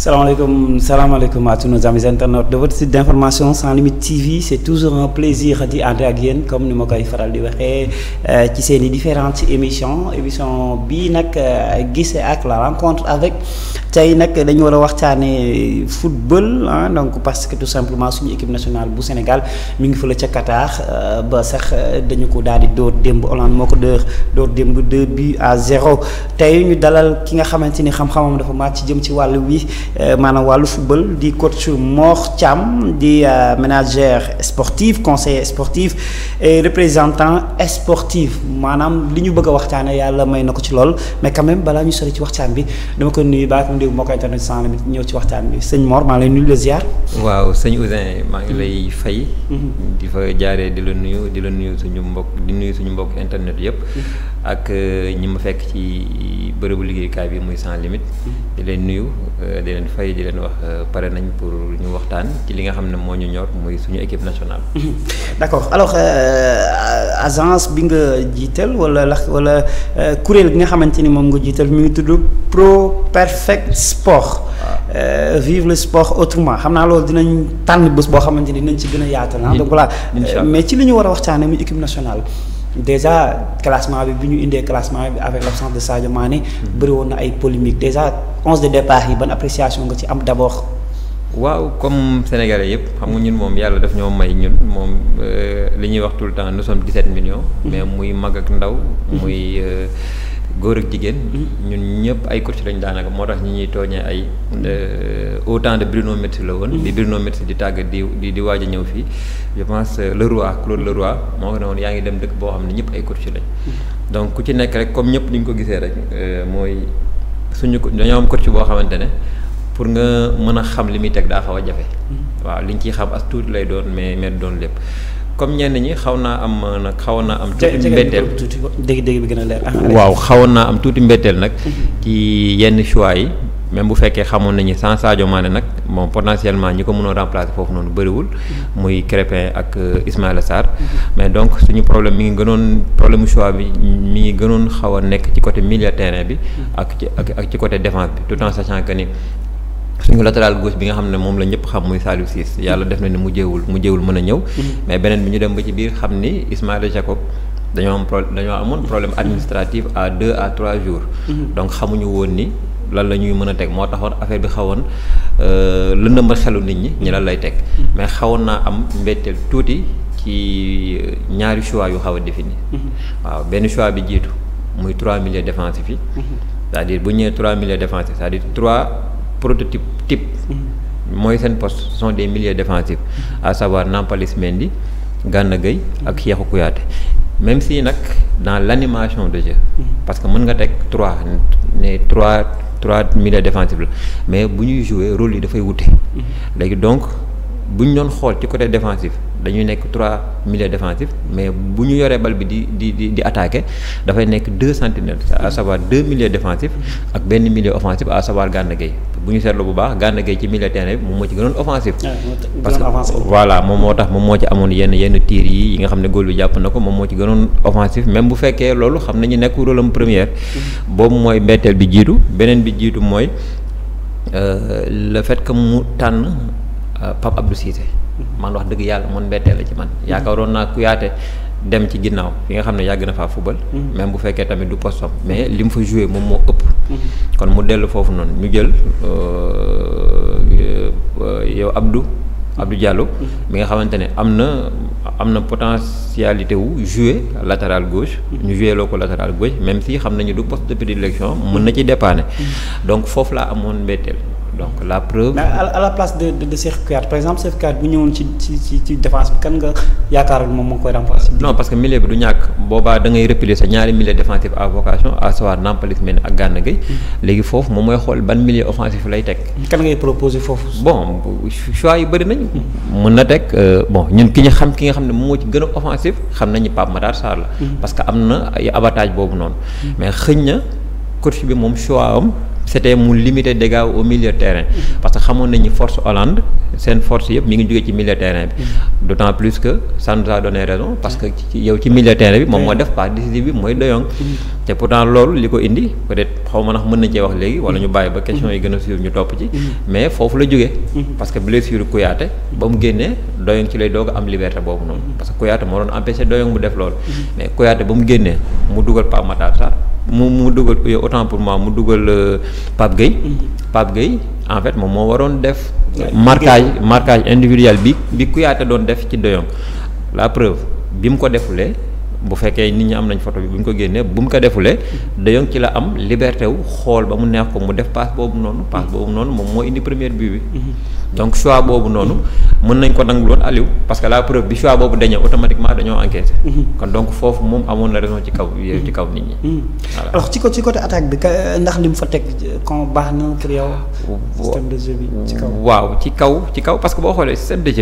salaamaaleykum salaamaaleykum à tous nos amis internautes de votre site d'information sans limite TV c'est toujours un plaisir di ànd ak yéen comme ni ma koy faral di waxee euh, ci seen i différentes émissions émission bii nag euh, gise ak la rencontre avec tey nag dañu war a waxtaanee football ah donc parce que tout simplement suñu équipe nationale bu Sénégal mi ngi fële ca Qatar euh, ba sax dañu ko daal di dóor démb Hollande moo ko dóor dóor démb deux buts à zéro tey ñu dalal ki nga xamante ni xam-xamam dafa ci jëm ci wàll wi. Euh, maanaam wàllu football di coach moor cam di euh, manager sportif conseiller sportif et représentant sportif maanaam li ñu bëgg a waxtaanee yàlla may na ko ci lool mais quand balaa ñu sori ci waxtaan bi dama ko nuyu baax na dégg moo ko internet sans limite ñëw ci waxtaan bi sëñ moor maa ngi lay nuyu la ziar. waaw sëñ Ousin maa ngi mm-hmm. lay fay. Mm-hmm. di fa jaaree di la nuyu di la nuyu suñu mbokk di nuyu suñu mbokk internet yëpp. Mm-hmm. ak euh, ñi ma fekk ci bërëbu liggéeyukaay bi muy sans limite. Mm-hmm. di leen nuyu euh, di leen fay di leen wax euh, pare nañ pour ñu waxtaan ci li nga xam ne moo ñu ñor muy suñu équipe nationale. Mm-hmm. d'accord alors euh, agence bi nga jiital wala la wala kuréel bi nga xamante ni moom nga jiital mi ngi tudd Pro Perfect Sport. Euh, vive le sport autrement xam naa loolu dinañ tànn bés boo xamante ni dinañ ci gën a yaatal. Ah. donc voilà mais ci li ñu war a waxtaanee muy équipe nationale. déjà classement bi bi ñu indee classement bi avec l'absence de Sadio ni bëri woon na ay polémiques déjà onze de départ yi ban appréciation nga ci am d'abord. waaw comme sénégalais yëpp xam nga ñun moom yàlla daf ñoo may ñun moom euh, li ñuy wax tout le temps nous sommes 17 millions. Mm-hmm. mais muy mag ak ndaw muy. Euh, góor ak jigéen. ñun ñëpp ay coach lañ daanaka moo tax ñi ñuy tooñee ay euh, au temps de Bruno Metsu la woon. di Bruno Metsu di tàggat di di di waaj a ñëw fii je pense euh, le roi Claude le roi moo ko ne woon yaa ngi dem dëkk boo xam ne ñëpp ay coach lañ. donc ku ci nekk rek comme ñëpp ni ko gisee rek euh, mooy suñu ko dañoo am coach boo xamante ne. pour nga mën a xam li muy teg daa xaw a jafe. Mm-hmm. waaw li ñu ciy xam as tuuti lay doon mais mais doon lépp. comme ñenn ñi xaw naa am nag xawoon naa am. tuuti mbetteel dégg dégg bi gën ah, waaw xawoon naa am tuuti mbetteel nag. Mhm. ci yenn choix yi. même bu fekkee xamoon nañu sans Sadio Mané nag moom potentiellement ñi ko mënoo remplacer foofu noonu bëriwul. Mhm. muy Crépin ak euh, Ismaïla Sarr. Mhm. mais donc suñu problème mi ngi gënoon problème choix bi mi ngi gënoon xaw a nekk ci côté milieu terrain bi. ak ci ak ci côté défense bi tout en sachant que ni. suñu latéral gauche bi nga xam ne moom la ñëpp xam muy Saliou Ciss yàlla def na ni mu jéewul mu jéewul mën a ñëw mm-hmm. mais beneen bi ñu dem ba ci biir xam ni Ismaïla Jacob dañoo am pro dañoo amoon problème administratif à deux à trois jours mm-hmm. donc xamuñu woon ni lan la ñuy mën a teg moo taxoon affaire bi xawoon euh, na ma xelu nit ñi ñi lan lay teg mm-hmm. mais xawoon naa am mbetteel tuuti ci ñaari choix yu xaw a défini waaw benn choix bi jiitu muy trois milieux défensifs yi c'est-à-dire bu ñëwee trois milieux défensifs cest prototype type. mooy seen poste son des milieux défensifs mm-hmm. à savoir Nampalys Mendy Gana Gueye ak mm-hmm. Cheikhou Kouyaté même si nag dans l'animation de jeu mm-hmm. parce que mën nga teg trois ne trois trois milieux défensifs la mais bu ñuy jouer rôle yi dafay wute léegi donc bu ñu doon xool ci côté défensif dañuy nekk trois milieux défensifs mais bu ñu yoree bal bi di di di di attaqué dafay nekk deux sentinelles à savoir deux milieux défensifs ak benn milieu offensif à savoir Gana Gueye bu ñu seetlu bu baax Gana Gueye ci milieu terrain bi moom moo ci gënoon offensif parce que voilà moom moo tax moom moo ci amoon yenn yenn tiir yi yi nga xam ne góol bi jàpp na ko moom moo ci gënoon offensif même bu fekkee loolu xam nañu nekk rôle am première mm-hmm. boobu mooy mbetteel bi jiitu beneen bi jiitu mooy euh, fait que mu tànn Euh, Pape Abdou Cissé man wax dëgg yàlla mun mbetteel la ci man yaakaaroon naa Kouyaté dem ci ginnaaw fi nga xam ne yàgg na faa fubal mhm. même bu fekkee tamit du poste am mais li mu fa joué moom moo ëpp mhm. kon mu dellu foofu noonu ñu jël euh, euh, yow Abdou Abdou Diallo mhm. mi nga xamante ne am na am na potentialité wu jouer latéral gauche ñu jouer loo ko latéral gauche même si xam nañu du poste de prédilection mën na ci dépanner donc foofu laa amoon mbetteel donc la preuve. mais à la place de de de par exemple Cheikh Kouyaté bu ñëwoon ci ci ci défense bi kan nga yaakaarul moom moo koy remplacer. non parce que milieu bi du ñàkk boobaa da ngay replier sa ñaari milieu défensif à vocation à savoir Nampalys Mendy ak Gana Gueye. Mm. léegi foofu moom mooy xool ban milieu offensif lay teg. kan ngay proposer foofu. bon choix yu bëri nañu. mën na teg euh, bon ñun ki ñu xam ki nga xam ne moom moo ci gën a offensif xam nañu Pape Matar mm. parce que am na ay avantage boobu noonu. Mm. mais xëñ na coach bi moom choix am. c'était mu limiter dégâts au milieu de terrain parce que xamoon nañu force Hollande seen force yëpp mi ngi jógee ci milieu terrain bi mm-hmm. d'autant plus que ça nous a donné raison parce que yow ci milieu de terrain bi moom moo def passe décisive bi mooy De Jong mm-hmm. te pourtant loolu li ko indi peut-être xaw ma ndax mën nañ cee wax léegi wala ñu mm-hmm. bàyyi ba question yi gën a suivre ñu topp ci mais foofu la jógee parce que blessure Kouyaté ba mu génnee De ci lay doog am liberté boobu noonu parce que Kouyaté moo doon empêché De Jong mu def loolu mu génnee mu dugal Pape mu mu dugal euh, autant pour moi mu dugal euh, Pape Gueye mm-hmm. Pape Gueye en fait moom moo waroon def marquage marquage individuel bi bi yaata doon def ci doyong la preuve bi mu ko defulee bu fekkee nit ñi am nañ foto bi bu ñu ko génnee bu mu ko defulee dayoon ci la am liberté wu xool ba mu neex ko mu def passe boobu noonu passe mm-hmm. boobu noonu moom moo indi première bi mm-hmm. donc choix boobu noonu mm-hmm. mën nañ ko nangu loon Aliou parce que la preuve boobu dañoo automatiquement dañoo enquêté kon donc foofu moom amoon na raison ci kaw ci kaw nit ñi voilà alors ci ko ci côté ndax li mu fa teg kon baax na pour bi waaw ci kaw ci kaw parce que boo xoolee système bi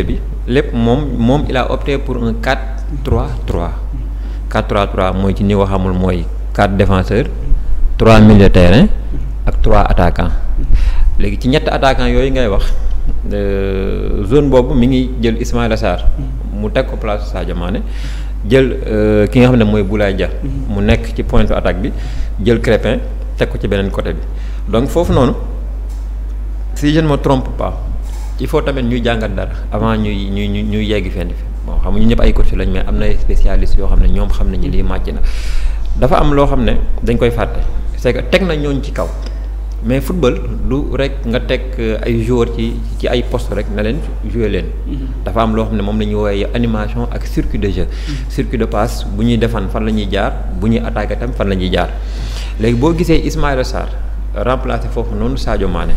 lépp moom moom il a pour un 4 3 3 4-3-3 mooy ci ñi ko mooy 4 défenseurs 3 milieux terrain ak trois attaquants léegi ci ñett attaquants yooyu ngay wax euh, zone boobu mi ngi jël Ismaïla Sarr mu teg ko place saa Mané jël euh, ki nga xam ne mooy Boulaye Dia mu nekk ci pointe attaque bi jël Crépin teg ko ci beneen côté bi donc foofu noonu si je ne me trompe pas il faut tamit ñuy jàngat dara avant ñuy ñuy ñuy yegg fenn fi bon xam nga ñu ñëpp ay coach lañ mais am na ay spécialistes yoo xam ne ñoom xam nañu lii màcc na dafa am loo xam ne dañ koy fàtte c'est teg na ñooñ ci kaw mais football du rek nga teg euh, ay joueurs ci ci ay poste rek na leen joue leen. Mm-hmm. dafa am loo xam ne moom la ñuy woowee animation ak circuit de jeu. Mm-hmm. circuit de passe bu ñuy defan fan la ñuy jaar bu ñuy attaqué tam fan la ñuy jaar léegi boo gisee Ismaïla Sarr remplacé foofu noonu Sadio maane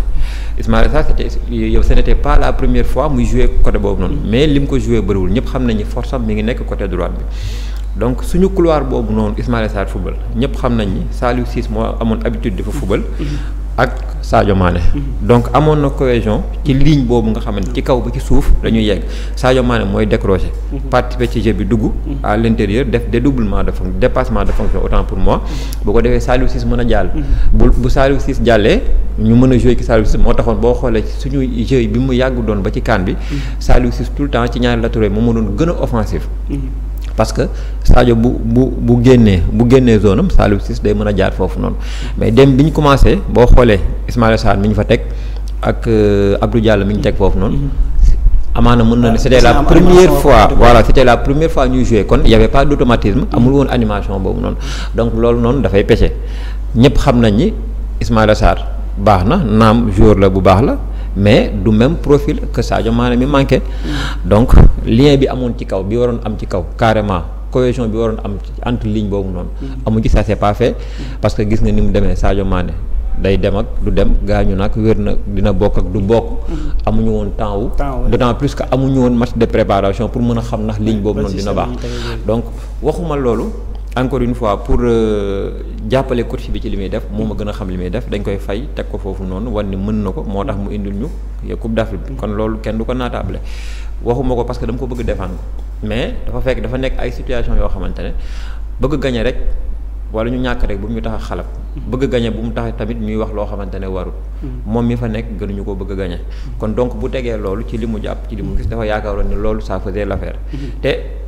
Ismaïla Sarr c'était yow ce n'était la première fois muy joué côté boobu noonu mm-hmm. mais lim mu ko joué bëriwul ñëpp xam na force am mi ngi nekk côté droite bi donc suñu couloir boobu noonu Ismaïla Sarr football ñëpp xam na ni Saliou Ciss moo amoon habitude dafa football mm-hmm. ak Sadio Mané. Mm-hmm. donc amoon na cohésion ci mm-hmm. ligne boobu nga xamante ci kaw ba ci suuf la ñuy yegg Sadio Mané mooy décroché. Mm-hmm. participer ci jeu bi dugg. à l' intérieur def dédoublement de fonction dépassement de fonction autant pour moi. bu ko defee Saliou Ciss mën a jàll. bu bu Saliou Ciss jàllee ñu mën a joué ci Saliou Ciss moo taxoon boo xoolee suñu jeu bi mu yàgg doon ba ci kaan bi. Saliou Ciss tout le temps ci ñaari latéraux moom moo doon gën a offensif. parce que Sadio bu bu bu génnee bu génnee zone am Saliou Ciss day mën a jaar foofu noonu mais dem bi ñu commencé boo xoolee Ismaïla Sarr mi ñu fa teg ak euh, Abdou Diallo mi ñu teg foofu noonu. amaana mën na ne c'était la première fois voilà c'était la première fois ñuy jouer kon y avait pas d'automatisme amul woon animation boobu noonu donc loolu noonu dafay péché ñëpp xam nañ ni Ismaïla baax na naam jour la bu baax la. mais du même profil que Sadio maane mi manqué donc lien bi amoon ci kaw bi waroon am ci kaw carrément cohésion bi waroon am entre ligne boobu noonu mm-hmm. amu ci ça c'est pas fait mm-hmm. parce que gis nga ni mu demee Sadio maane day dem ak du dem gaañu nag wér na dina bokk ak du bokk mm-hmm. amuñu woon temps wu d'autant plus que amuñu woon match de préparation pour mën a xam ndax ligne boobu noonu dina baax donc waxuma loolu encore une fois pour euh, jàppale coach bi ci li muy def moom a gën a xam li muy def dañ koy fay teg ko foofu noonu wan ni mën na ko moo tax mu indil ñu coupe d'Afrique bi kon loolu kenn du ko naataable waxuma ko parce que dama ko bëgg défendre mais dafa fekk dafa nekk ay situation yoo xamante ne bëgg gañe rek wala ñu ñàkk rek bu ñu tax xalab bëgg gañe bu mu tax tamit ñuy wax loo xamante ne warul mm-hmm. moom mi fa nekk gënuñu ko bëgg gañe mm-hmm. kon donc bu tegee loolu ci li mu jàpp ci li mu gis dafa yaakaaroon ne loolu ça faisait l'affaire mm-hmm. te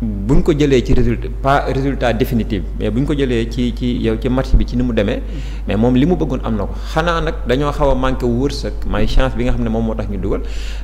bu ñu ko jëlee ci résultat pas résultat définitif mais bu ñu ko jëlee ci ci yow ci match bi ci ni mu demee mais moom li mu bëggoon am na ko xanaa nag dañoo xaw a manqué wërsëg may chance bi nga xam ne moom moo tax ñu dugal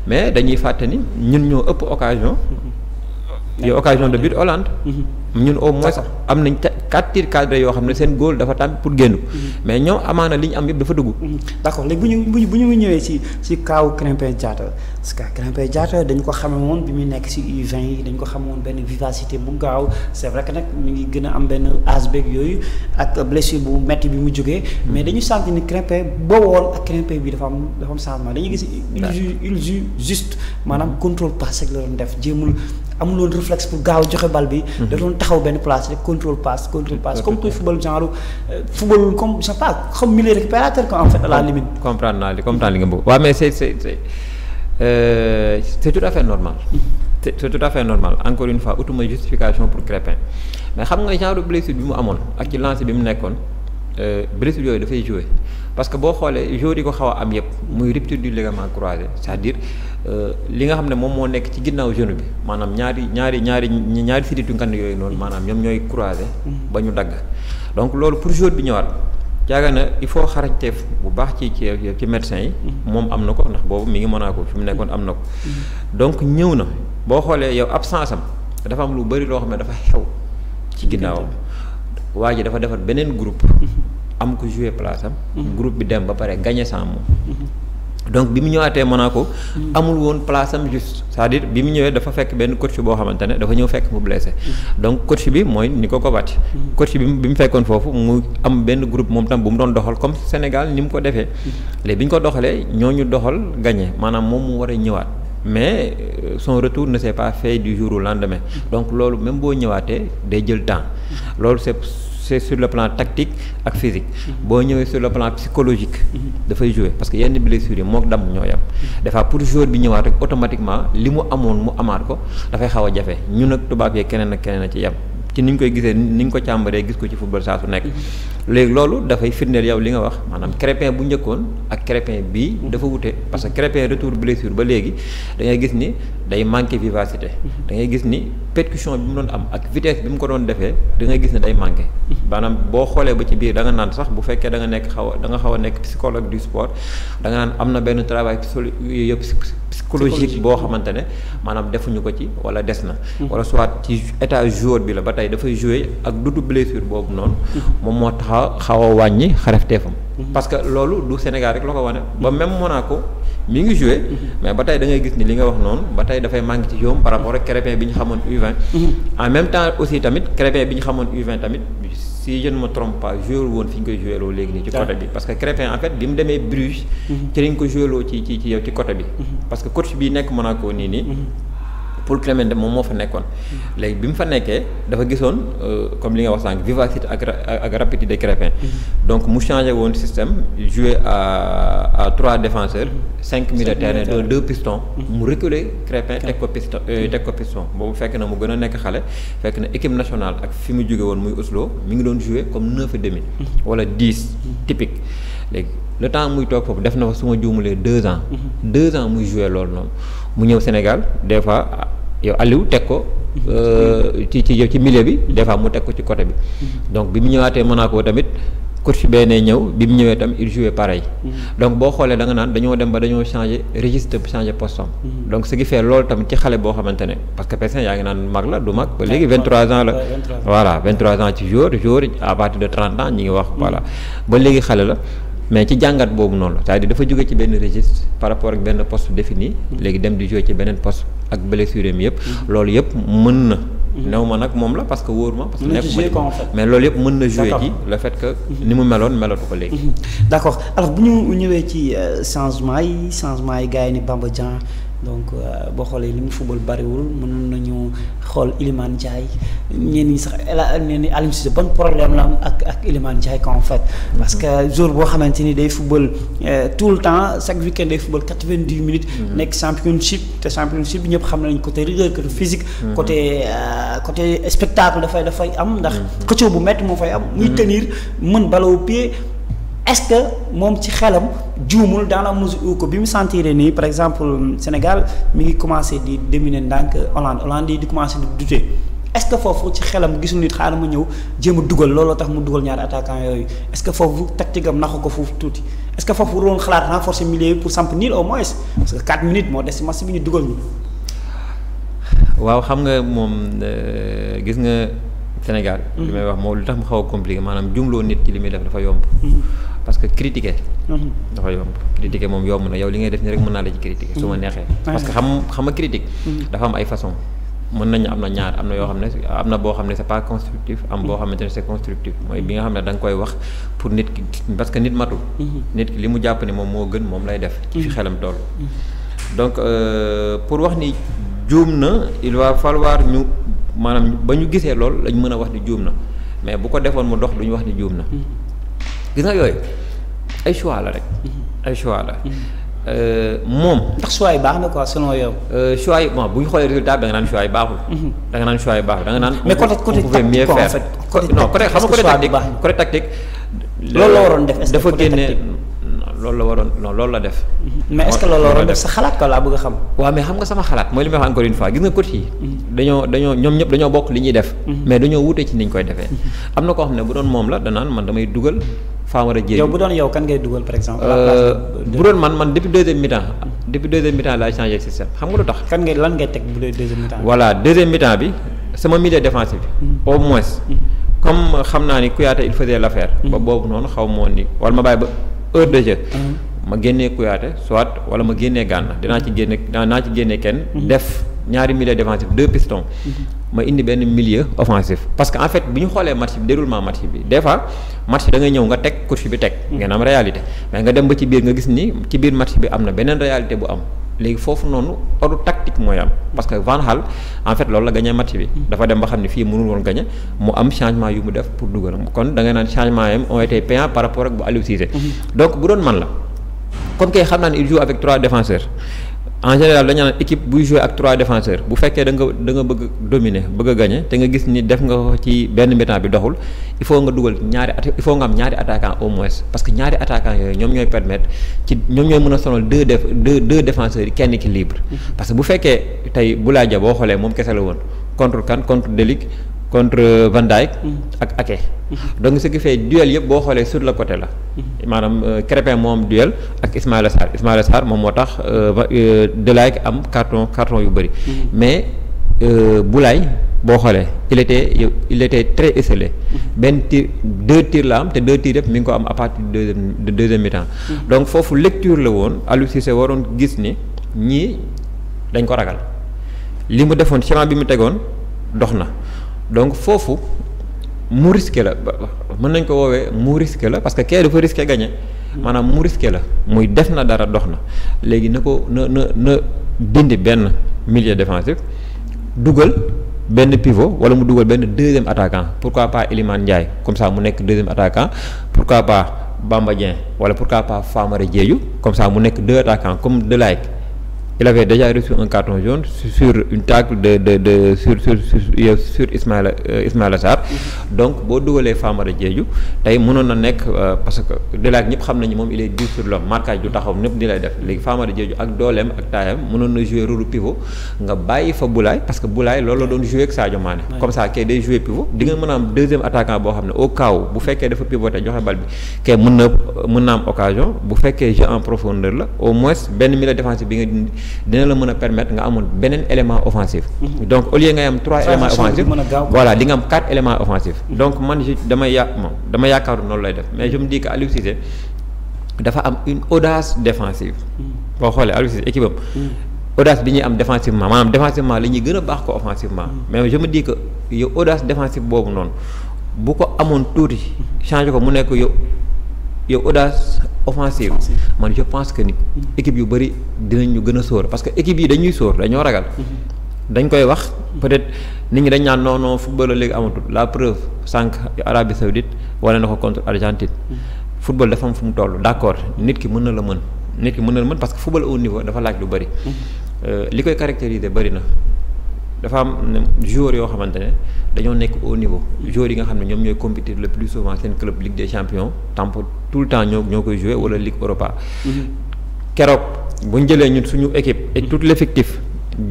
mais dañuy fàtte ni ñun ñoo ëpp occasion. Mm-hmm. yow occasion de but Hollande. Mm-hmm. ñun au sax am nañ quatre tirs cadrés yoo xam ne seen góol dafa tàmpi pour génn mm-hmm. mais ñoom amaana li ñu am yëpp dafa dugg mm-hmm. d'accord léegi bu ñu bu ñu bu ñu ñëwee ci ci kaaw Krépin Diatta parce que Krépin Diatta dañ ko xame woon bi muy nekk ci U20 yi dañ ko xame woon benn vivacité bu gaaw c'est vrai que nag mi ngi gën am benn âge yooyu ak blessure bu metti bi mu jógee mm-hmm. mais dañu sentir ni Krépin boobu woon ak Krépin bi dafa am dafa am changement dañuy gis il juste maanaam contrôle passé la doon def amul woon réflexe pour gaaw joxe bal bi. Mhm. da doon taxaw benn place rek contrôle passe contrôle passe comme kuy football genre euh, football comme je sais pas comme milieu récupérateur quoi en fait à la limite. comprendre naa li comprendre li nga bëgg waaw mais c'est c'est c'est euh, c'est tout à fait normal. Mhm. c'est tout à fait normal encore une fois utuma justification pour Crépin mais xam nga genre blessure bi mu amoon ak ci lancé bi mu nekkoon. Euh, blessure yooyu dafay jouer parce que boo xoolee joueurs yi ko xaw a am yëpp muy rupture du ligament croisé c'est-à-dire euh, li nga xam ne moom moo nekk ci ginnaaw genou bi maanaam ñaari ñaari ñaari ñaari sidditu ngand yooyu noonu maanaam ñoom ñooy croisé ba ñu dagg donc loolu pour joueur bi ñëwaat jaaga na il faut xarañteef bu baax ci ci ci médecin yi moom am na ko ndax boobu mi ngi mën naa ko fi mu nekkoon am na ko donc ñëw na boo xoolee yow absence am dafa am lu bëri loo xam ne dafa xew ci ginnaawam waa ji dafa defar beneen groupe mm-hmm. am ko joué place am mm-hmm. groupe bi dem ba pare gagné sans moom mm-hmm. donc bi mu ñëwaatee naa ko amul woon place am juste c'est-à-dire bi mu ñëwee dafa fekk benn coach boo xamante ne dafa ñëw fekk mu blessé donc coach bi mooy ni ko ko bàcc coach bi bi mu fekkoon foofu mu am benn groupe moom tam bu mu doon doxal comme Sénégal ni mu ko defee léegi bi ñu ko doxalee ñoo ñu doxal gagné maanaam moom mu war a ñëwaat mais euh, son retour ne s'est pas fait du jour au donc loolu boo ñëwaatee day jël temps loolu c'est c'est sur le plan tactique ak physique boo ñëwee sur le plan psychologique dafay jouer parce que yenn blessures moo mook damm ñoo yam dafa pour joueur bi ñëwaat rek automatiquement li mu amoon mu amaat ko dafay xaw a jafe ñun ak tubaab yee keneen ak keneen a ci yem ci ni ñu koy gisee ni ñu ko càmbaree gis ko ci football saa su nekk. Mm-hmm. léegi loolu dafay firndeel yow li nga wax maanaam mm-hmm. Crépin bu njëkkoon ak Crépin bii. Mm-hmm. dafa wute parce que Crépin retour blessure ba léegi da ngay gis ni day manqué vivacité. da ngay gis ni percussion bi mu doon am ak vitesse bi mu ko doon defee dangay gis ne day manqué. maanaam boo xoolee ba ci biir danga nga naan sax bu fekkee danga nekk xaw a da nga xaw a nekk psychologue du sport da nga na benn travail solo yooyu yëpp. psychologique boo xamante ne maanaam defuñu ko ci wala des na. wala soit ci état joueur bi la ba tey dafay jouer ak dutu blessure boobu noonu. moom moo tax xaw a wàññi xarefteefam. parce que loolu du Sénégal rek la ko wane. ba même ko mi ngi joué. mais ba tey da gis ni li nga wax noonu ba tey dafay manqué ci yoom par rapport ak Krépin bi ñu xamoon U20. Mm-hmm. en même temps aussi tamit Krépin bi ñu xamoon U20 tamit. si je ne me trompe woon fi ñu koy joué léegi nii. ci côté bi parce que Crépin en fait bi mu demee Bruges. Mhm. ci lañ ko joué ci ci ci ci côté bi. Mhm. parce que coach bi nekk Monaco nii nii. Mhm. pour Paul Clément moom moo fa nekkoon. léegi bi mu fa nekkee dafa gisoon euh, comme li nga wax sànq vivacité ak ak rapidité de Crépin. Mm-hmm. donc mu changé woon système joué à à trois défenseurs. cinq militaires dont deux pistons. Mm-hmm. mu reculer Crépin euh, mm-hmm. teg ko piston boobu fekk na mu gën a nekk xale fekk na équipe nationale ak fi mu jóge woon muy Oslo mi ngi doon joué comme neuf et demi. wala dix typique léegi le temps muy toog foofu def na fa su ma juumulee deux ans. deux ans muy joué loolu noonu. mu ñëw Sénégal des fois yow Aliou teg ko. Euh, ci ci yow ci milieu bi des fois mu teg ko ci côté bi. donc bi mu ñëwaatee Monaco tamit coach bee nee ñëw bi mu ñëwee tam il jouait pareil. donc boo xoolee danga naan dañoo dem ba dañoo changé registre changé poste am. donc ce qui fait loolu tam ci xale boo xamante ne parce que personne yaa ngi naan mag la du mag. ba léegi 23 ans la voilà 23 ans ci jour jour à partir de 30 ans ñi ngi wax. voilà ba léegi xale la. mais ci jàngat boobu noonu c'est-à-dire dafa jóge ci benn registre par rapport ak benn poste défini mm-hmm. léegi dem di jouer ci beneen post ak blessure mi yëpp mm-hmm. loolu yëpp mën na mm-hmm. new ma nag moom la parce que wóor ma parce que nekk mais loolu yëpp mën na jouer ci le fait que ni mu meloon melatu ko léegi d'accord alors bu ñu ñëwee ci euh, changement yi changement yi gars yi ni Bamba Dieng donc euh, boo xoolee li mu football bariwul mënoon nañu xool Iliman Ndiaye ñenn ñi sax la ne ni Aliou Cissé ban problème la ak ak Iliman Ndiaye en fait. parce que mm-hmm. jour boo xamante ni day football euh, tout le temps chaque week-end day football quatre-vingt-dix minutes. Mm-hmm. nekk championship te championship bi ñëpp xam nañ côté rigueur côté physique. Mm-hmm. côté euh, côté spectacle dafay dafay am ndax. xëccoo bu métti moo fay am. muy tenir mën baloo au est-ce que moom ci xelam juumul dans la mesure où bi mu sentir nii par exemple Sénégal mi ngi commencé di dominer ndànk Hollande Hollande yi di commencé di douter est-ce que foofu ci xelam gisul nit xaaral ma ñëw jéem a dugal looloo tax mu dugal ñaari attaquant yooyu est-ce que foofu tactique am naxu ko foofu tuuti est-ce que foofu waroon xalaat renforcer milieu bi pour samp niil au moins parce que 4 minutes moo des si match bi ñu dugal waaw xam nga moom euh, gis nga Sénégal. Mm-hmm. li may wax moom lu xaw a maanaam jumloo nit ci li muy def dafa yomb. Mm-hmm. parce que critiquer mhm. dafa yomb critiquer moom yomb na yow li ngay def ni rek mën naa la ci critiquer su ma mhm. neexee parce que xam xam nga critique mhm. dafa am ay façon mën nañu am na ñaar am na yoo xam ne am na boo xam ne c'est pas constructif am boo xamante ne c'est constructif mooy bi nga xam ne da koy wax pour nit ki parce que nit matul nit ki li mu jàpp ne moom moo gën moom lay def ci fi xelam toll donc euh, pour wax ni juum na il va falloir ñu maanaam ba ñu gisee lool lañ mën a wax ni juum na mais bu ko defoon mu dox duñu wax ni juum na gis nga yooyu ay choix la rek. Mhm. ay choix la. Mhm. Euh, moom. ndax choix yi baax na quoi selon yow. Euh, choix yi bon bu ñu xoolee résultat bi da nga naan choix yi baaxul. Mhm. da nga naan choix yi baaxul da nga naan. mais côté côté tactique quoi en fait côté non loolu la waroon def dafa génne. loolu la waroon non loolu la def. mais est-ce que loolu la waroon def sa xalaat ko laa bëgg a xam. waaw mais xam nga sama xalaat mooy li may wax encore une fois gis nga coach dañoo dañoo ñoom ñëpp dañoo bokk li ñuy def. mais dañoo wute ci ni ñu koy defee. am na koo xam ne bu doon moom la danaan man damay dugal Famara Diédhiou yow bu doon yow kan ngay dugal par exemple. Euh, bu doon man man depuis deuxième mi-temps depuis deuxième mi-temps laay changé système xam nga lu tax. kan ngay lan ngay teg bu dee deuxième mi-temps. voilà deuxième mi-temps bi sama milieu défensif bi. Mm-hmm. au moins. Mm-hmm. comme xam naa ni Kouyaté il faisait l'affaire. ba mm-hmm. boobu noonu xaw ma woon ni wala ma bàyyi ba heure de jeu. ma génnee Kouyaté soit wala ma génnee Gana dinaa ci génne dinaa ci génne kenn. def ñaari milieu défensif deux pistons. ma indi benn milieu offensif parce que en fait bu ñu xoolee match bi déroulement match bi des fois. match da ngay ñëw nga teg coach bi teg. Mm. ngeen am réalité mais nga dem ba ci biir nga gis ni ci biir match bi am na beneen réalité bu am. léegi foofu noonu ordre tactique mooy am parce que Van Gaal en fait loolu la gagné match bi. Mm. dafa dem ba xam ne fii mënul woon gagné mu am changement yu mu def pour dugal kon da ngay naan changement yam ont été par rapport ak bu Aliou Cissé. Mm-hmm. donc bu doon man la. comme kay xam naa ne il avec trois défenseurs. en général dañu naan équipe buy jouer ak trois défenseurs bu fekkee da nga da nga bëgg dominer bëgg a gagner te nga gis ni def nga ko ci benn mi-temps bi doxul il faut nga dugal ñaari il faut nga am ñaari attaquant au moins parce que ñaari attaquant yooyu ñoom ñooy permettre ci ñoom ñooy mën a sonal deux def deux deux défenseurs yi kenn ki libre mm-hmm. parce bu fekkee tey Boulaye Dia boo xoolee moom kese la woon contre kan contre Delic contre euh, Van Dijk mm-hmm. ak Ake mm-hmm. donc ce qui duel yëpp boo xoolee sur le côté la mm-hmm. maanaam euh, Crépin moom duel ak Ismaïla Sarr Ismaïla Sarr moom moo tax euh, Delay am carton carton yu bëri mais Boulaye boo xoolee il était très esselé benn tir deux tirs la am te deux tirs yëpp mi ngi ko am à partir de deuxième de deuxième mi-temps donc foofu lecture la woon Aliou se waroon gis ni ñii dañ ko ragal li mu defoon chemin bi mu tegoon dox na donc foofu mu risqué la mën nañ ko woowee mu risqué la parce que kee dafa risqué gagné maanaam mu risqué la muy def na dara dox na léegi na ko na na na dindi benn milieu défensif dugal benn pivot wala mu dugal benn deuxième attaquant pourquoi pas Iliman Ndiaye comme ça mu nekk deuxième attaquant pourquoi pas Bamba Dieng wala pourquoi pas Famara jeeju comme ça mu nekk deux attaquants comme Delay il avait déjà reçu un carton jaune sur une tacle de de sur sur sur sur Ismaïla euh, mm-hmm. donc boo dugalee Famara jeeju tey mënoon na nekk euh, parce que Delac ñëpp xam nañu moom il est dur sur l'homme marquage du taxaw ñëpp di lay def léegi Famara Diédhiou ak dooleem ak taayam mënoon na jouer rôle pivot nga bàyyi fa Boulaye parce que Boulaye loolu la doon jouer ak Sadio Mané. comme ça kay day jouer pivot di nga mën am deuxième attaquant boo xam ne au cas bu fekkee dafa pivoter joxe bal bi kay mën mën na am occasion bu fekkee jeu en profondeur au moins benn milieu défensif bi nga. dina la mën a permettre nga amoon beneen élément offensif mhm. donc au lieu ngay am trois éléments offensifs voilà di nga am quatre éléments offensifs mhm. donc man je dama yà moom dama yaakaaru noonu lay def mais je me dis que dafa am une audace défensive mhm. boo xoolee Aliou Cissé équipe am bi ñuy am défensivement maanaam défensivement la ñuy gën a baax ko offensivement mais je me dis que yow défensive boobu noonu bu ko amoon tuuti changé ko mu nekk yow yow audace offensive man je pense que ni équipe yu bëri dinañ ñu gën a sóor parce que équipe yi dañuy sóor dañoo ragal dañ koy wax peut-être nit ñi dañ naan non non football la léegi amatul la preuve sànq Arabie Saoudite wala na ko contre Argentine football dafa am fu mu toll d'accord nit ki mën na la mën nit ki mën na la mën parce que football au niveau dafa laaj lu bëri mhm. euh, li koy caractériser bëri na dafa am mm, joueurs yoo xamante ne dañoo nekk au niveau joueurs yi nga xam ne ñoom ñooy compétir le plus souvent seen club Ligue des champions tamp tout le temps ñoo ñoo koy jouer wala Ligue Europa mm-hmm. keroog bu ñu jëlee ñun suñu équipe et tout l'effectif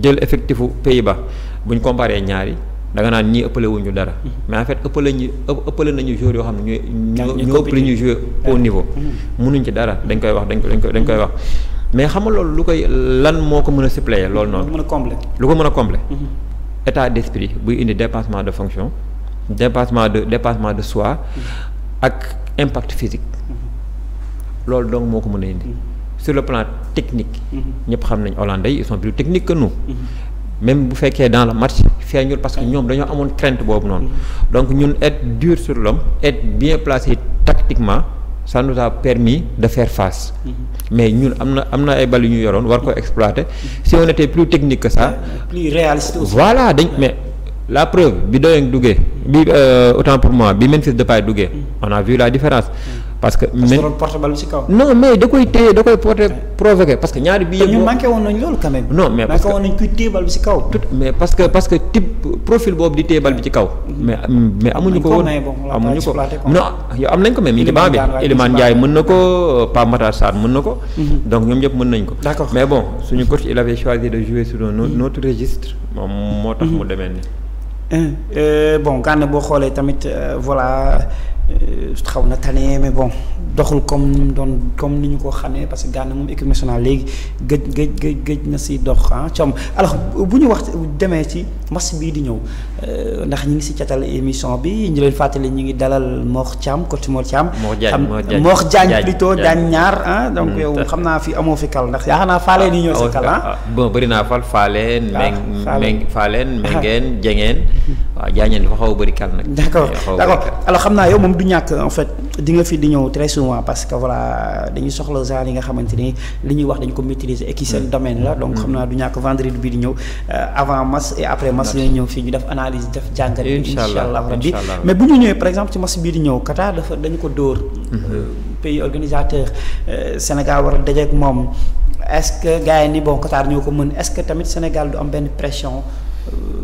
jël effectifu pays ba bu ñu comparé ñaari da nga naan ñii ëppale wuñu dara mm-hmm. mais en fait ëppale ñu ëppale nañu joueurs yoo xam ne ñooy ñoo ëpp lu ñuy jouer au niveau mënuñ mm-hmm. ci dara dañ koy wax dañ ko dañ koy wax mais xam nga loolu lu koy lan moo ko mën a suppléer loolu noonu lu ko mën a combler état d'esprit buy indi dépassement de fonction dépassement de dépassement de soi ak impact physique mm-hmm. loolu donc moo ko mën a indi mm-hmm. sur le plan technique mm-hmm. ñëpp xam nañ Hollandais yi ils sont plus techniques que nous même bu fekkee dans le marché feeñul parce que ñoom dañoo amoon crainte boobu noonu donc ñun être dur sur l'homme être bien placé tactiquement ça nous a permis de faire face mhm. mais ñun am na am na ay bal yu ñu yoroon war ko mhm. exploiter mhm. si on était plus technique que ça plus réaliste aussi. voilà dañ mais la preuve bi doyeng duggee bi euh, autant pour moi bi Memphis Depay duggee on a vu la différence parce que portable ci kaw. non mais da koy téye da koy porté provoqué parce que ñaari bi yëpp. ñu manqué woon nañ loolu quand même. non mais parce que manqué woon nañ kuy téye profil boobu di téye bal bi ci kaw. mais mais amuñu ko woon amuñu ko non yow am nañ ko mais mi ngi baa bi na ko euh, Pape Matar Sarr mën ko. Mhm. donc ñoom ñëpp mën nañ ko. d'accord mais bon suñu coach il avait choisi de jouer sur un autre mhm. registre moom moo tax mu mhm. demee nii. Euh, euh, bon boo xoolee tamit voilà. Ah. xaw na tane mais bon doxul comme ni mu doon comme ni ñu ko xamee parce que moom équipe nationale léegi gëj gëj gëj na si dox ah coom alors bu ñu wax demee ci match bii di ñëw euh, ndax ñi ngi si catal émission bi ñu leen fàttali ñu ngi dalal Mor Thiam coach Mor Thiam. Mor Diagne Mor Diagne plutôt Diagne ñaar ah. donc mm, yow xam naa fi amoo fi kal ndax yaakaar naa faale ni ñëw si kal ah. ah. bon bëri naa fal faaleen. Ah, meng faaleen mengeen jengeen. waaw Diagne dafa xaw a bëri kal nag. d'accord d'accord alors xam naa yow moom souvent parce que voilà dañuy soxla genre yi nga xamante ni li ñuy wax dañ ko maîtriser et qui mm. la donc xam naa du ñàkk vendredi bi di ñëw euh, avant match et après match lañu ñëw fii ñu def analyse def jàngat bi incha allah rabbi mais bu ñu ñëwee par exemple ci match bii di ñëw Qatar dafa dañu ko dóor mm-hmm. euh, pays organisateur euh, Sénégal war a dajeek moom est-ce que gars yi ni bon Qatar ñoo ko mën est que tamit Sénégal du am benn pression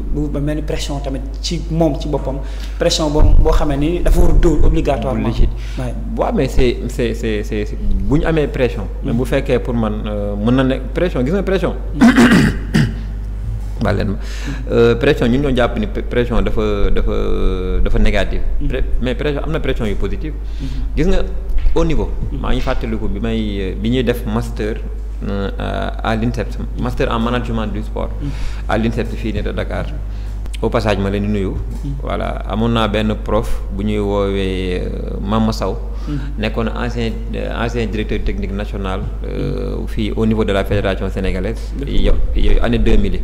bu ba mel ni pression tamit ci moom ci boppam pression boobu boo xamee ni dafa war a dóor obligatoirement. rigide waaw mais c'est c'est c'est bu ñu amee pression. Mm. mais bu fekkee pour man euh, mën na nekk pression gis nga pression. Mm. baal leen ma euh, pression ñun ñoo jàpp ni pression dafa dafa dafa négative. Mm. mais pression am na pression yu positive. Mm-hmm. gis nga au niveau. maa ngi fàttaliku bi may bi ñuy def masteur à eh, l'INSEPS master en management du sport à mm. l'INSEPS fii nii de Dakar au passage ma leen di nuyu mm. voilà amoon naa benn prof bu ñuy woowee euh, Mama Saw mm. nekkoon ancien euh, ancien directeur technique national euh, fii au niveau de la fédération sénégalaise yo yooyu année deux mille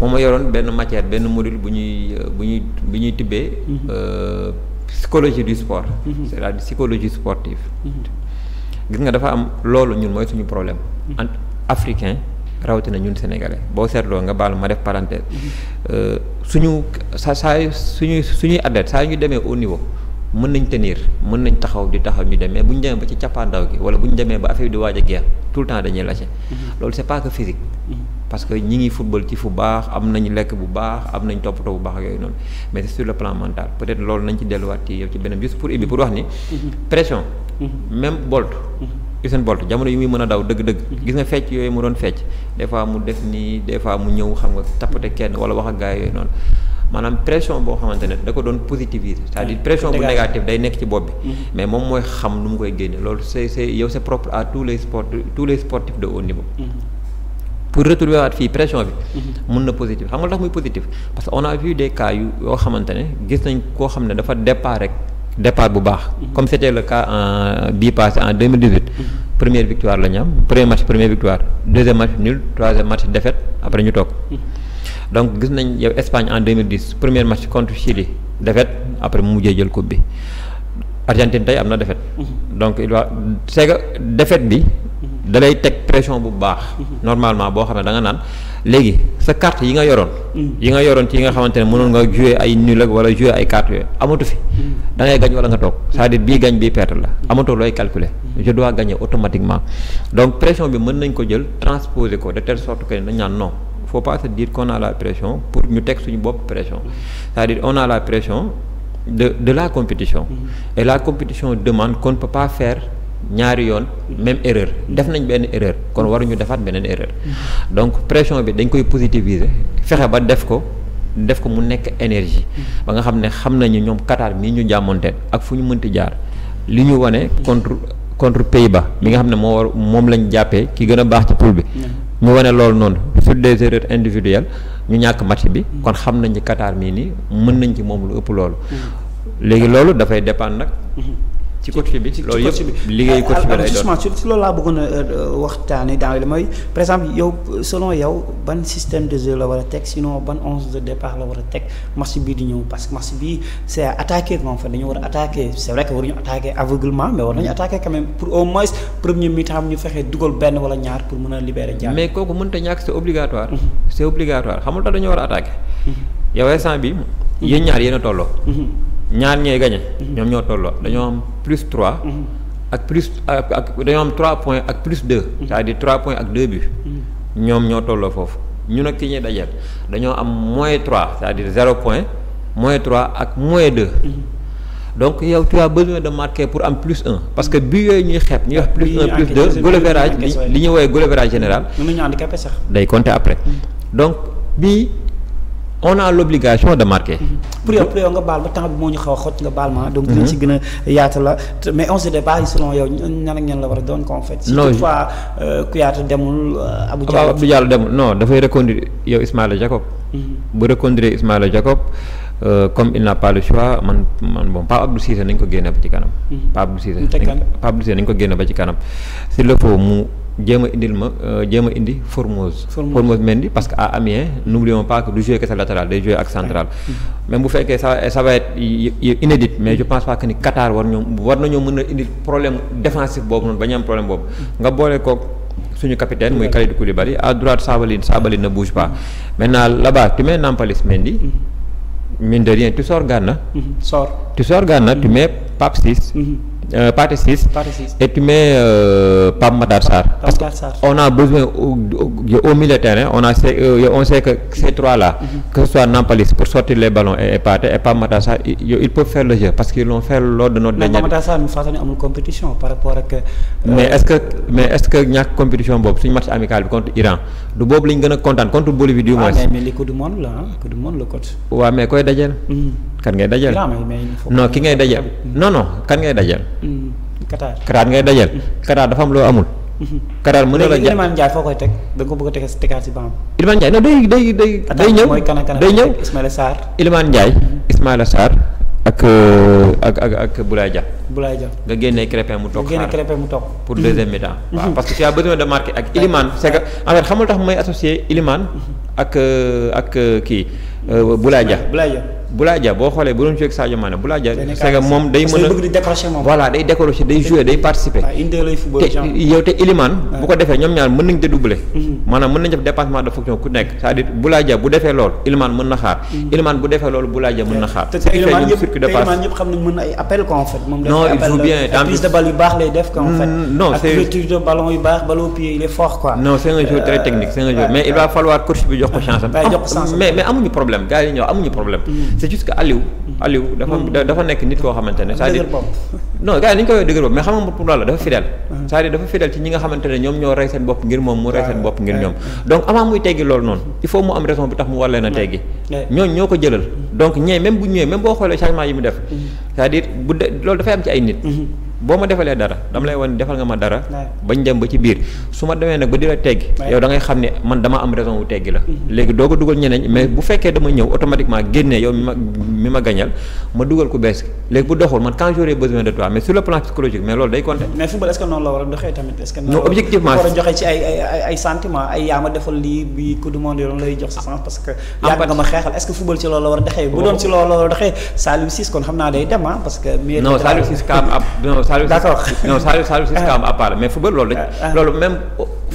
moo ma yoroon benn matière benn module bu ñuy bu ñuy bu ñuy tibbee mm-hmm. psychologie du sport mm-hmm. c'est-à-dire psychologie sportive mm-hmm. gis nga dafa am loolu ñun mooy suñu problème en mm-hmm. africain rawatina ñun sénégalais boo seetloo nga baal ma def parenthèse mm-hmm. euh, suñu sa saa suñuy suñuy athlète saa yu ñu demee au niveau mën nañ tenir mën nañ taxaw di taxaw ñu demee bu ñu demee ba ci cappaandaw gi wala bu ñu demee ba affaire di waaj a geex tout le temps dañuy lâché mm-hmm. loolu c'est pas que physique parce que ñi ngi football ci fu baax am nañu lekk bu baax am nañ toppatoo bu baax ak yooyu noonu mais c'est sur le plan mental peut-être loolu nañ ci même Bolt. Usain Bolt jamono yi muy mën a daw dëgg-dëgg. gis nga fecc yooyu mu doon fecc des mu def nii des mu ñëw xam nga tappate kenn wala wax yooyu noonu maanaam pression boo xamante da ko doon positiviser. cest à pression bu négative day nekk ci bopp bi. Mm-hmm. mais moom mooy xam nu mu koy génne loolu c'est c'est yow c'est propre à tous les sports tous les sportifs de haut mm-hmm. pour retrouver waat fii pression bi. Mm-hmm. mun na positif xam tax muy positif a vu des cas yu départ bu baax. Mhm. comme c' était le cas en bii passé en 2018. Mhm. première victoire la ñu am premier match première victoire deuxième match nul troisième match défaite après ñu toog. Mhm. donc gis nañ yow Espagne en 2010 premier match contre Chili défaite après mu mujjee jël coupe bi. Argentine tey am na défaite mhm. donc il va c'est que bi mhm. da lay teg pression bu baax mhm. normalement boo xam ne da nga naan léegi sa carte yi nga yoroon yi nga yoroon ci yi nga xamante ne mënoon nga jouer ay nul ak wala jouer ay carte yooyu amatu fi da ngay gañ wala nga toog sa à dire bii gañ bii perte la amatu looy calculer je dois gagner automatiquement donc pression bi mën nañ ko jël transposer ko de telle sorte dañ naan non faut pas se dire qu'on a la pression pour ñu teg suñu bopp pression cest on a la pression de de la compétition. Mm-hmm. et la compétition demande qu'on ne peut ñaari yoon mm-hmm. même erreur def nañ benn erreur kon mm-hmm. waruñu defaat beneen erreur. donc pression bi dañ koy positiviser fexe ba def ko. def ko mu nekk énergie ba nga xam ne xam nañu ñoom Qatar mii ñu jàmmoonteen ak fu ñu mënti jaar li ñu wane contre contre pays ba mi nga xam ne moo war moom lañ jàppee ki gën a baax ci poule bi ñu wane loolu noonu sur des erreurs individuelle ñu ñàkk match bi kon xam nañ ci Qatar mii nii mën nañ ci moom lu ëpp loolu mm-hmm. léegi loolu dafay dépendre nag mm-hmm. ci coach bi loolu yëpp liggéey coach bi lay doon ci loolu laa bëggoon a euh, waxtaanee dans le par exemple yow selon yow ban système de jeu la war a teg sinon ban onze de départ la war a teg match bii di ñëw parce que match bii c'est attaqué en fait dañu war a attaqué c'est vrai que waruñu attaqué aveuglement mais war nañu attaqué quand même pour au moins premier mi-temps ñu fexe dugal benn wala ñaar pour mën a libérer jaar mais kooku mënta a mhm. attaqué mhm. yow instant mhm. ñaar ñooy gagné. Mhm. ñoom ñoo tolloo mhm. dañoo am plus 3. Mhm. ak plus ak ak dañoo am 3 points ak plus 2. c'est-à-dire 3 points ak deux bi ñoom ñoo tolloo foofu ñu nag ki ñuy dajeel dañoo am moins 3 c'est-à-dire 0 point moins 3 ak moins 2. donc yow tu as besoin de marquer pour am plus 1 parce que bi yooyu ñuy xeeb ñuy wax plus 1 plus 2 goal average li ñu woowee goal average général. mën nañu handicapé sax. day compter après donc bii. on a l'obligation de marquer. Mhm. pour yow pour yow nga baal ma temps bi moo ñu xaw a xot nga baal ma. donc dinañ mhm. ci gën a yaatu la mais on se débat selon yow ñan ak ñan la war a doon en fait. non surtout fois euh, Kouyaté demul euh, Abou Diallo. Abou Diallo demul non dafay reconduire yow Ismaïla Jacob. Mhm. bu reconduire Ismaïla Jacob euh, comme il n'a pas le man man bon Pape Abdou ko génne ba ci kanam. Pape Abdou Cissé nañ ko génne ba ci kanam s'il le mu. jéem a indil ma euh, jéem a indi Formose. Formose Mendy parce que à Amiens n'oublions pas que du jouer kese latéral day jouer ak central. Mm-hmm. même bu fekkee ça ça va être mais je pense pas ni Qatar war ñoom war nañoo mën a indi problème défensif boobu noonu ba ñu am problème boobu. Mm-hmm. nga boole koog suñu capitaine muy Kalidou Koulibaly à droite Sabaline Sabaline ne bouge pas mm-hmm. maintenant là-bas tu mets Nampalys Mendy. mine de rien tu sors Gana. sors Euh, partie 6. partie 6 et euh, tu parce que on a besoin au, au, de terrain on a euh, on sait que ces trois-là. Mm -hmm. que ce soit Nampalys pour sortir les ballons et épater et Pape Matar Sarr il, peut faire le jeu parce qu'ils l'ont fait lors de notre. mais par rapport ak. Euh, mais est-ce que mais est-ce que ñàkk compétition boobu suñu match amical bi contre boobu lañ gën a kontaan contre Bolivie du ah, moins. mais li Coupe du Monde la Coupe du Monde la koy dajeel. Mhm. kan ngay dajeel. non ki ngay dajeel. non non kan ngay dajeel. Qatar Qatar ngay dajal mm-hmm. Qatar dafa am loo amul. Mm-hmm. Qatar mën na la ja Iliman foo koy teg da nga ko bëgg a teg tegaat si banc. Iliman Ndiaye non day day day. day ñëw day ñëw Ismaïla Sarr. Iliman Ndiaye mm-hmm. Ismaïla Sarr. ak euh, ak ak ak Boulaye Dia. Boulaye Dia nga génne Crépin mu toog xaar nga mu toog. pour deuxième mi-temps. waaw parce que tu as besoin de marquer ak Iliman c'est que en fait xamul tax may associer Iliman. ak euh, ak euh, kii Boulaye Dia. Boulaye Boulaye Dia boo xoolee bu doon joué ak Sadio Mané Boulaye moom day mën a mën nañ dédoubler mm-hmm. maanaam mën nañ def dépassement de fonction ku nekk cest à mën na xaar mm-hmm. Iliman bu mën na xaar circuit il joue bien prise de balle yu baax technique c'est un jeu mais il va falloir coach bi jox ko chance ah, mais mais amuñu problème gars yi amuñu problème mm. c'est juste que Aliou. Mm-hmm. Aliou mm-hmm. dafa nekk nit koo xamante ne c'est-à-dire ni ñu koy dëgër bopp mais xam mm-hmm. nga xamante ne ñoom ñoo rey seen bopp ngir moom mu rey seen bopp ngir ñoom donc avant muy teggi loolu noonu il faut mu am raison bi tax mu war teggi ñooñu ñoo ko jëlal donc ñee même bu ñëwee même boo xoolee changement yi mu def c'est-à-dire bu de loolu dafay am ci ay nit boo ma defalee dara dama lay wan defal nga ma dara. bañ dem ba ci biir su ma demee nag ba di la teggi. yow da xam ne man dama am raison wu teggi la. Mhm. léegi doo ko dugal ñeneen mais bu fekkee dama ñëw automatiquement génnee yow mi ma gañal ma dugal ko bees léegi bu doxul man quand j'aurai besoin mais sur le mais loolu a doxee tamit a joxe ci ay ay ay sentiments defal lii bi ku demandé loolu lay jox sa sens parce que. yàgg nga ma xeexal est-ce que football ci loolu la war a doxee. bu doon ci loolu la war a doxee Saliou non Saliou Saliou Ciss cas à part mais football loolu dañ ah, ah. loolu même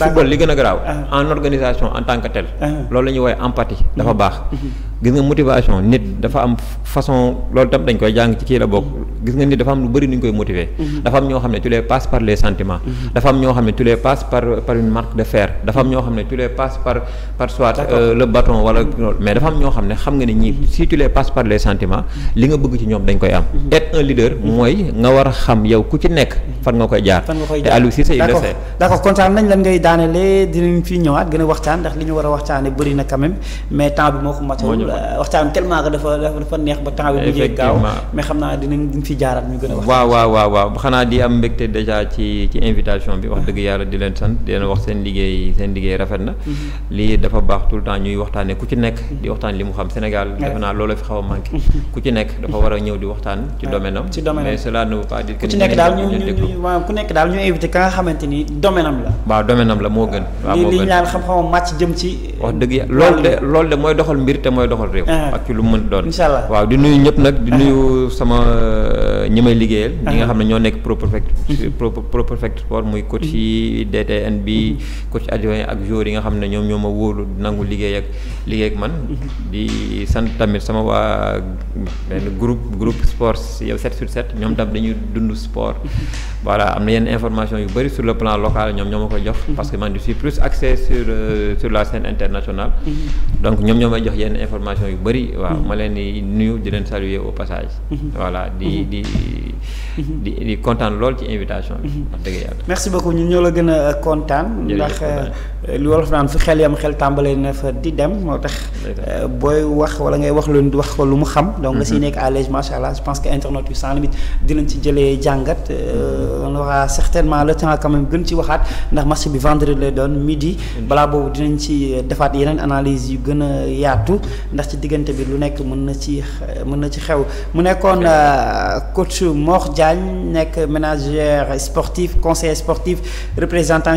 football li gën a garaaw ah. en organisation en tant que tel loolu la ñuy woowee empathie dafa mm-hmm. baax mm-hmm. gis nga motivation nit dafa am façon loolu tam dañ koy jàng ci kii la bokk gis nga nit dafa am lu bëri nu koy motiver. Mhm. dafa am ñoo xam ne tu les par les sentiments. Mhm. dafa am ñoo xam ne tu les par par une mhm. euh, dafa am ñoo xam ne tu les par le bâton li nga bëgg ci ñoom dañ koy am. être un leader mooy nga war a xam yow ku ci nekk fan nga koy jaar. te Aliou Cissé il le sait. d'accord nañ lan ngay daanelee dinañ fi ñëwaat gën a waxtaan ndax a Euh, waxtaan tellement que dafa dafa neex ba temps bi mujjee gaaw mais a wax waaw waaw waaw waaw xanaa di am mbégte déjà ci invitation bi wax dëgg yàlla di leen sant di leen wax seen liggéey seen liggéey rafet na mhm. lii dafa baax tout le temps ñuy waxtaane ku ci nekk mhm. di waxtaan li mu xam Sénégal defe naa loolu fi xaw a manqué mhm. ku ci nekk dafa war a ñëw di waxtaan ci domaine am mais cela ne veut pas ka nga xamante ni domaine am la waaw domaine am la moo gën waaw moo gën li ñu naan xam-xamam màcc jëm defar réew. Ah. ak ci lu mu doon. waaw di nuyu ñëpp nag. di ah. nuyu sama euh, ñi may liggéeyal. ñi nga ah. xam ne ñoo nekk pro perfect. pro pro perfect sport muy coach yi mm-hmm. DTN bi mm-hmm. coach adjoint ak joueur yi nga xam ne ñoom ñoo ma wóolu nangu liggéey ak liggéey ak man. Mm-hmm. di sant tamit sama waa benn group groupe sport yow 7 sur 7 ñoom tam dañuy dund sport. voilà am na yenn information yu bëri sur le plan local ñoom ñoo ma koy jox. parce que man je suis plus axé sur euh, sur la scène internationale. information yu bëri waaw mm-hmm. ma leen di nuyu di leen saluer au passage mm-hmm. voilà di mm-hmm. di di di kontaan lool ci invitation bi wax dëgg yàlla merci beaucoup ñun ñoo la gën a kontaan ndax lu wolof naan fi xel yam xel tàmbalee na fa di dem moo tax euh, booy wax wala ngay wax lu nit wax ko lu mu xam donc nga siy mhm. nekk à l'aise macha allah je pense que internet yu sans limite dinañ ci jëlee jàngat euh, mhm. on aura certainement le temps quand même gën ci waxaat ndax match bi vendredi lay doon midi balaa boobu dinañ ci euh, defaat yeneen analyse yu gën a yaatu ndax ci diggante bi lu nekk mën na ci mën na ci xew mu nekkoon coach Mor Diagne nekk manager sportif conseiller sportif représentant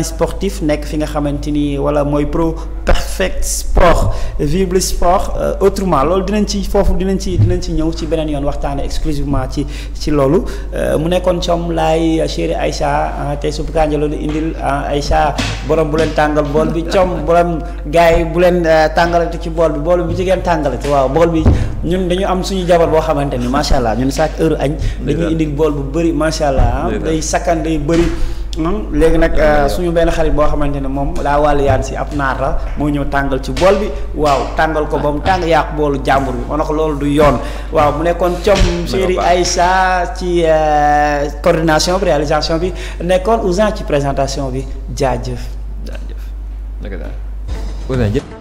nii wala mooy pro perfect sport vible sport euh, autrement loolu dinañ ci foofu dinañ ci dinañ ci ñëw ci beneen yoon waxtaane exclusivement ci ci loolu euh, mu nekkoon coom laay ay Aïcha ah, te subu kanja loolu indil ay ah, Aïcha borom bu leen tàngal bool bi coom borom gars yi bu leen euh, tàngalati ci bool bi bool bi bu jigéen tàngalati waaw bool bi ñun dañu am suñu jabar boo xamante ni macha allah ñun chaque heure añ dañuy indil bool bu bëri macha allah ah, day sakkan day bëri non léegi nag euh, suñu benn xarit boo xamante ne moom laa wàllu yaan si ab naar la moo ñëw tàngal ci bool bi waaw tàngal ko ba mu tàng yàq boolu jàmbur bi moo ne loolu du yoon waaw mu nekkoon com ay saa ci euh, coordination bi réalisation bi nekkoon Ousin ci présentation bi jaajëf jaajëf